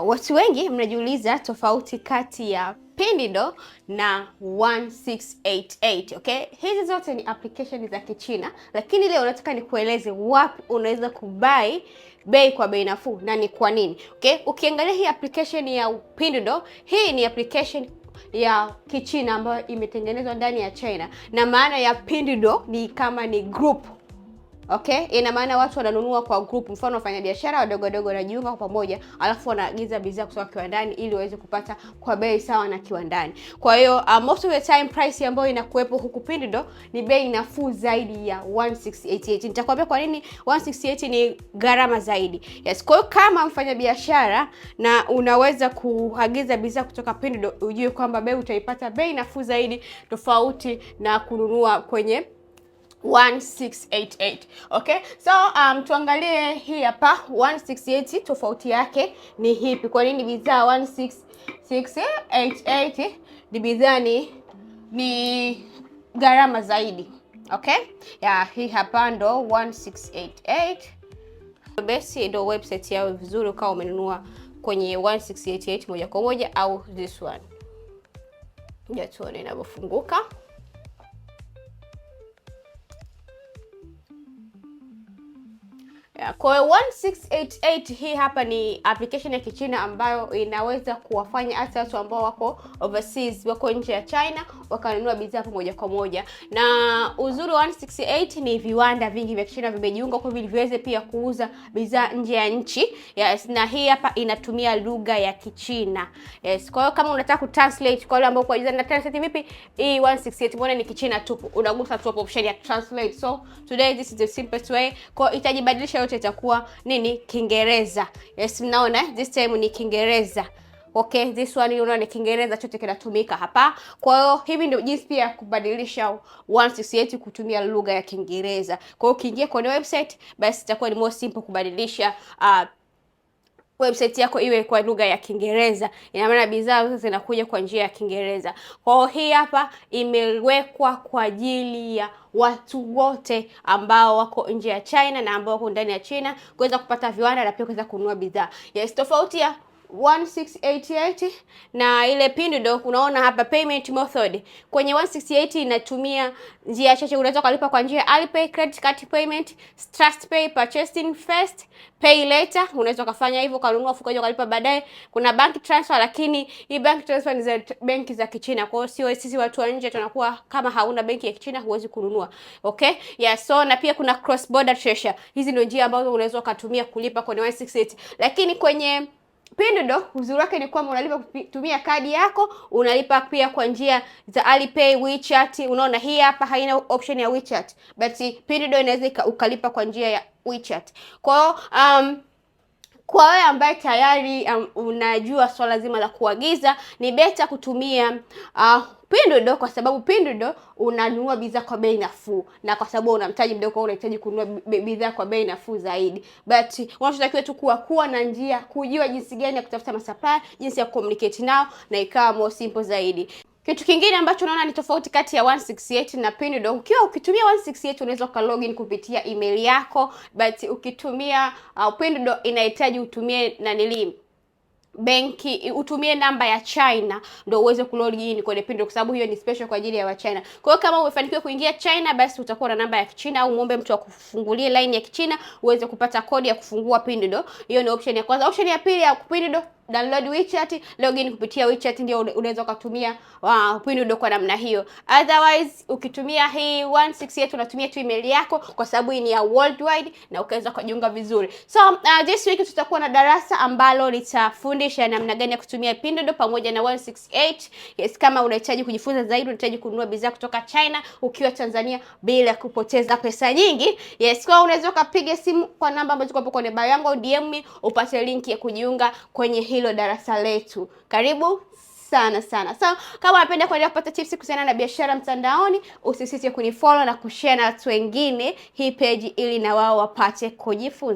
Uh, watu wengi mnajiuliza tofauti kati ya Pinduoduo na 1688, okay? Hizi zote ni application za Kichina, lakini leo nataka nikueleze wapi unaweza kubai bei kwa bei nafuu na ni kwa nini, okay? Ukiangalia hii application ya Pinduoduo, hii ni application ya Kichina ambayo imetengenezwa ndani ya China, na maana ya Pinduoduo ni kama ni group Okay, ina maana watu wananunua kwa group, mfano wafanya biashara wadogo wadogo wanajiunga kwa pamoja, alafu wanaagiza bidhaa kutoka kiwandani ili waweze kupata kwa bei sawa na kiwandani. Kwa hiyo uh, most of the time price ambayo inakuwepo huku Pinduoduo ni bei nafuu zaidi ya 1688. Nitakwambia kwa nini 1688 ni gharama zaidi. Yes, kwa hiyo kama mfanya biashara na unaweza kuagiza bidhaa kutoka Pinduoduo, ujue kwamba bei utaipata bei nafuu zaidi tofauti na kununua kwenye 1688. Okay? So um, tuangalie hii hapa 1688 tofauti yake ni hipi? Kwa nini bidhaa 1688 ni bidhaa ni ni gharama zaidi? Okay? Yeah, hii hapa ndo 1688. Basi ndo website yao vizuri, ukawa umenunua kwenye 1688 moja kwa moja au this one. Ja, tuone inavyofunguka. Kwa hiyo 1688 hii hapa ni application ya Kichina ambayo inaweza kuwafanya hata watu ambao wako overseas, wako nje ya China wakanunua bidhaa hapo moja kwa moja. Na uzuri wa 168 ni viwanda vingi vya Kichina vimejiunga kwa vile viweze pia kuuza bidhaa nje ya nchi. Yes, na hii hapa inatumia lugha ya Kichina. Yes, kwa hiyo kama unataka ku translate kwa wale ambao kwa na translate vipi? Hii 168 mbona ni Kichina tupu. Unagusa tu hapo option ya translate. So today this is the simplest way. Kwa hiyo itajibadilisha yote yote itakuwa nini? Kiingereza. Yes, mnaona eh? This time ni Kiingereza. Okay, this one you know, ni Kiingereza chote kinatumika hapa. Kwa hiyo hivi ndio jinsi pia ya kubadilisha OneSource yetu kutumia lugha ya Kiingereza. Kwa hiyo ukiingia kwenye website basi itakuwa ni more simple kubadilisha uh, website yako iwe kwa lugha ya Kiingereza. Ina maana bidhaa zote zinakuja kwa njia ya Kiingereza. Kwa hiyo hii hapa imewekwa kwa ajili ya watu wote ambao wako nje ya China na ambao wako ndani ya China kuweza kupata viwanda na pia kuweza kununua bidhaa. Yes, tofauti ya 1688 na ile pindi ndio unaona hapa payment method. Kwenye 1688 inatumia njia chache, unaweza kulipa kwa njia Alipay, credit card payment, trust pay, purchasing first, pay later. Unaweza kufanya hivyo, ukanunua ufukaji kulipa baadaye. Kuna bank transfer, lakini hii bank transfer ni za benki za Kichina, kwa hiyo sio sisi watu wa nje tunakuwa kama hauna benki ya Kichina huwezi kununua. Okay? Yeah, so na pia kuna cross border treasure. Hizi ndio njia ambazo unaweza kutumia kulipa kwenye 1688 lakini kwenye Pinduoduo uzuri wake ni kwamba unalipa kutumia kadi yako, unalipa pia kwa njia za Alipay, WeChat. Unaona hii hapa haina option ya WeChat, but Pinduoduo inaweza ukalipa kwa njia ya WeChat. Kwa hiyo um, kwa wewe ambaye tayari um, unajua swala zima la kuagiza, ni beta kutumia uh, Pinduoduo kwa sababu Pinduoduo unanunua bidhaa kwa bei nafuu, na kwa sababu una mtaji mdogo, unahitaji kununua bidhaa kwa bei nafuu zaidi. But unachotakiwa tu kuwa kuwa na njia, kujua jinsi gani ya kutafuta masupplier, jinsi ya communicate nao, na ikawa more simple zaidi. Kitu kingine ambacho unaona ni tofauti kati ya 168 na Pinduoduo, ukiwa ukitumia 168 unaweza uka login kupitia email yako, but ukitumia uh, Pinduoduo inahitaji utumie nilimu benki utumie namba ya China ndio uweze kulogin kwenye Pinduoduo, kwa sababu hiyo ni special kwa ajili ya Wachina. Kwa hiyo kama umefanikiwa kuingia China, basi utakuwa na namba ya Kichina au muombe mtu akufungulie line ya Kichina uweze kupata kodi ya kufungua Pinduoduo. Hiyo ni option ya kwanza. Option ya pili ya Pinduoduo download WeChat, login kupitia WeChat, ndio unaweza ukatumia uh, ah, Pinduoduo kwa namna hiyo. Otherwise ukitumia hii 16 yetu unatumia tu email yako, kwa sababu hii ni ya worldwide na ukaweza kujiunga vizuri. So uh, this week tutakuwa na darasa ambalo litafundisha namna gani ya kutumia Pinduoduo pamoja na 168. Yes, kama unahitaji kujifunza zaidi, unahitaji kununua bidhaa kutoka China ukiwa Tanzania bila kupoteza pesa nyingi. Yes, kwa unaweza ukapiga simu kwa namba ambazo ziko hapo kwenye bio yangu au DM upate linki ya kujiunga kwenye hii hilo darasa letu. Karibu sana sana. So kama unapenda kuendelea kupata tips kuhusiana na biashara mtandaoni, usisite kunifollow na kushare na watu wengine hii page, ili na wao wapate kujifunza.